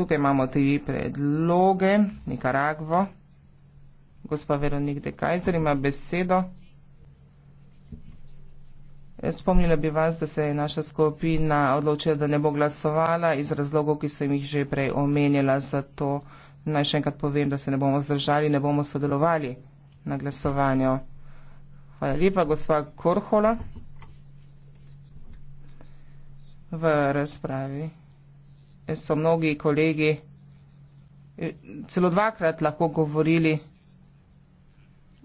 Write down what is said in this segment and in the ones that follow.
tukaj imamo tri predloge, Nikaragvo. Gospa Veronik de Kajzer ima besedo. Spomnila bi vas, da se je naša skupina odločila, da ne bo glasovala iz razlogov, ki sem jih že prej omenjala. Zato naj še enkrat povem, da se ne bomo zdržali, ne bomo sodelovali na glasovanju. Hvala lepa, gospa Korhola. V razpravi so mnogi kolegi eh, celo dvakrat lahko govorili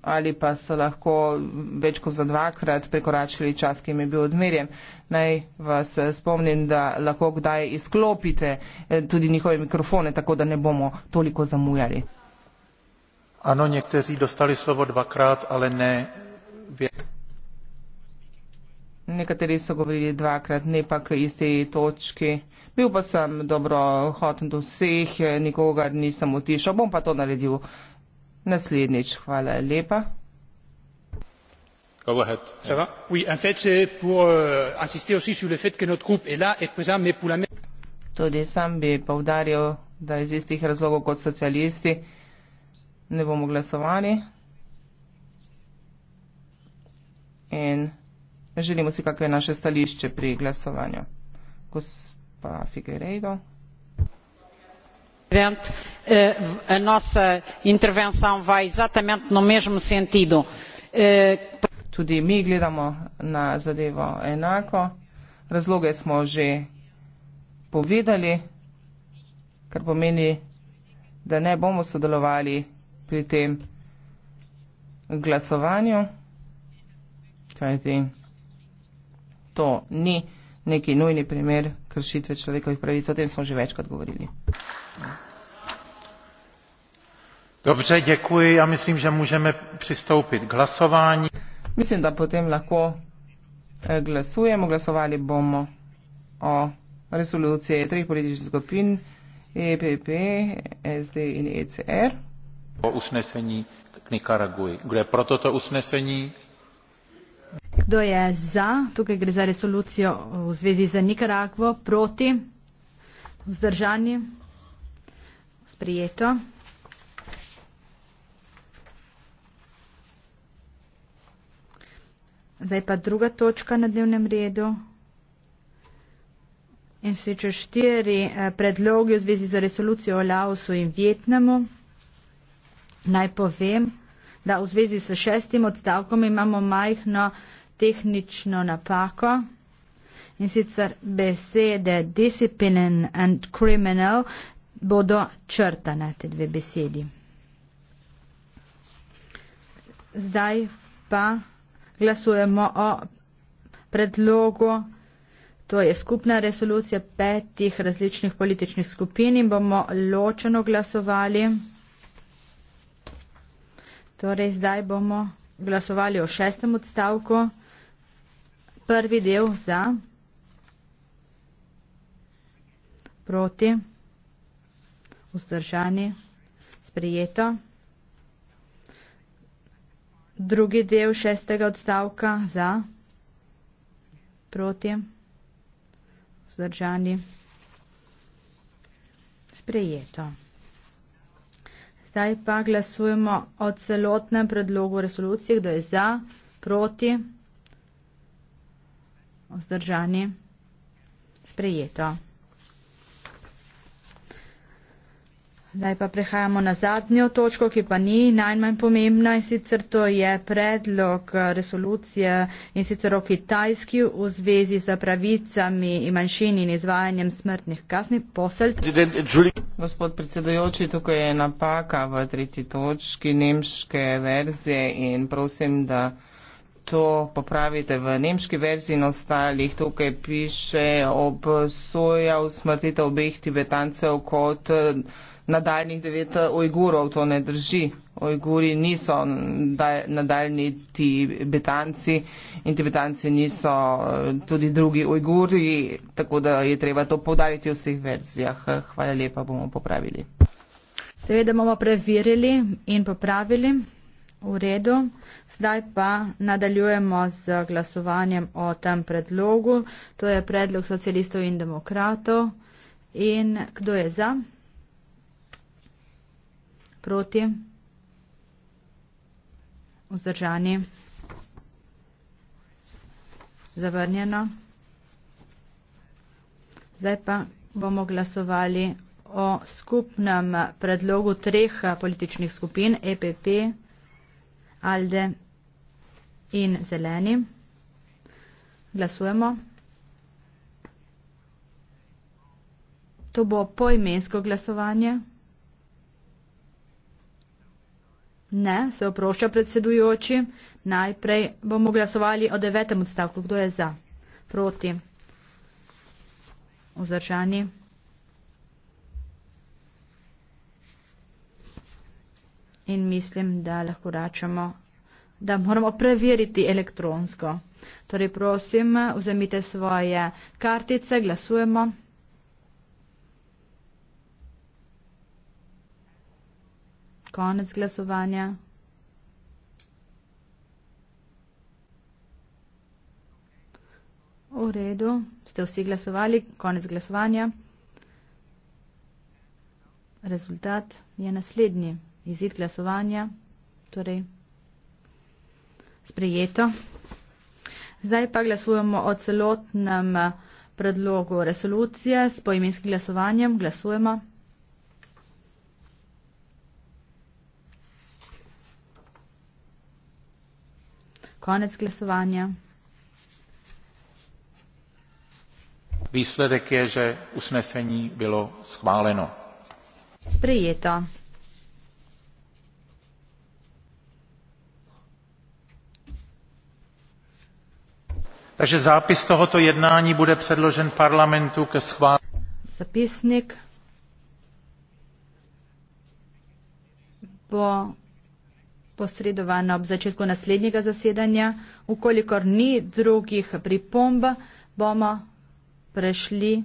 ali pa so lahko več kot za dvakrat prekoračili čas, ki jim je bil odmerjen. Naj vas eh, spomnim, da lahko kdaj izklopite eh, tudi njihove mikrofone, tako da ne bomo toliko zamujali. Ano, někteří dostali slovo dvakrát, ale ne vět. Nekateri so govorili dvakrat, ne pa k isti točki. Bil pa sem dobro hoten do vseh, nikogar nisem utišal, bom pa to naredil naslednjič. Hvala lepa. Go ahead. Ça va? Oui, en fait, c'est pour euh, insister aussi sur le fait que notre groupe est là, est présent, mais pour la même. Tudi sam bi povdaril, da iz istih razlogov kot socialisti ne bomo glasovali. In Želimo si, kakve je naše stališče pri glasovanju. Gospa Figueiredo. Eh, a nossa intervenção vai exatamente no mesmo sentido. Eh, Tudi mi gledamo na zadevo enako. Razloge smo že povedali, kar pomeni, da ne bomo sodelovali pri tem glasovanju. Kaj ti? to ni neki nujni primer kršitve človekovih pravic. O tem smo že večkrat govorili. Dobře, děkuji. Ja mislim, že můžeme pristopiť k glasovanju. Mislim, da potem lahko eh, glasujemo. Glasovali bomo o resoluciji treh političnih skupin EPP, SD in ECR. O usnesení k Nikaraguji. Kdo je pro toto usnesení? kdo je za, tukaj gre za resolucijo v zvezi z Nikaragvo, proti, vzdržani, sprijeto. Zdaj pa druga točka na dnevnem redu. In se če štiri eh, predlogi v zvezi z resolucijo o Laosu in Vietnamu, naj povem, da v zvezi s šestim odstavkom imamo majhno tehnično napako. In sicer besede discipline and criminal bodo črtane, te dve besedi. Zdaj pa glasujemo o predlogu, to je skupna resolucija petih različnih političnih skupin in bomo ločeno glasovali. Torej zdaj bomo glasovali o šestem odstavku prvi del za, proti, vzdržani, sprijeto. Drugi del šestega odstavka za, proti, vzdržani, sprijeto. Zdaj pa glasujemo o celotnem predlogu resolucije, kdo je za, proti, vzdržani, sprijeto vzdržani, sprejeto. Zdaj pa prehajamo na zadnjo točko, ki pa ni najmanj pomembna in sicer to je predlog eh, resolucije in sicer o kitajski v zvezi z pravicami in manjšini in izvajanjem smrtnih kazni poselt. Gospod predsedujoči, tukaj je napaka v tretji točki nemške verzije in prosim, da to popravite v nemški verziji in ostalih. Tukaj piše obsoja usmrtitev obeh tibetancev kot eh, nadaljnih devet ojgurov. Eh, to ne drži. Ojguri niso nadaljni tibetanci in tibetanci niso eh, tudi drugi ojguri, tako da je treba to podariti v vseh verzijah. Hvala lepa, bomo popravili. Seveda bomo preverili in popravili. V redu. Zdaj pa nadaljujemo z glasovanjem o tem predlogu. To je predlog socialistov in demokratov. In kdo je za? Proti? Vzdržani? Zavrnjeno? Zdaj pa bomo glasovali o skupnem predlogu treh političnih skupin EPP. Alde in Zeleni. Glasujemo. To bo poimensko glasovanje. Ne, se oprošča predsedujoči. Najprej bomo glasovali o devetem odstavku. Kdo je za? Proti. Vzdržani. in mislim, da lahko račemo, da moramo preveriti elektronsko. Torej, prosim, vzemite svoje kartice, glasujemo. Konec glasovanja. V redu, ste vsi glasovali, konec glasovanja. Rezultat je naslednji izid glasovanja, torej sprejeto. Zdaj pa glasujemo o celotnem eh, predlogu resolucije s poimenskim glasovanjem. Glasujemo. Konec glasovanja. Výsledek je, že usnesení bylo schváleno. Sprejeto. Takže zápis tohoto jednání bude předložen parlamentu ke schválení. Zapisnik bo posredovan ob začetku naslednjega zasedanja. Ukolikor ni drugih pripomb, bomo prešli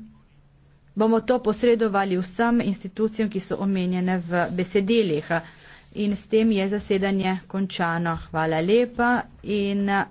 bomo to posredovali vsem institucijam, ki so omenjene v besedilih. In s tem je zasedanje končano. Hvala lepa. In,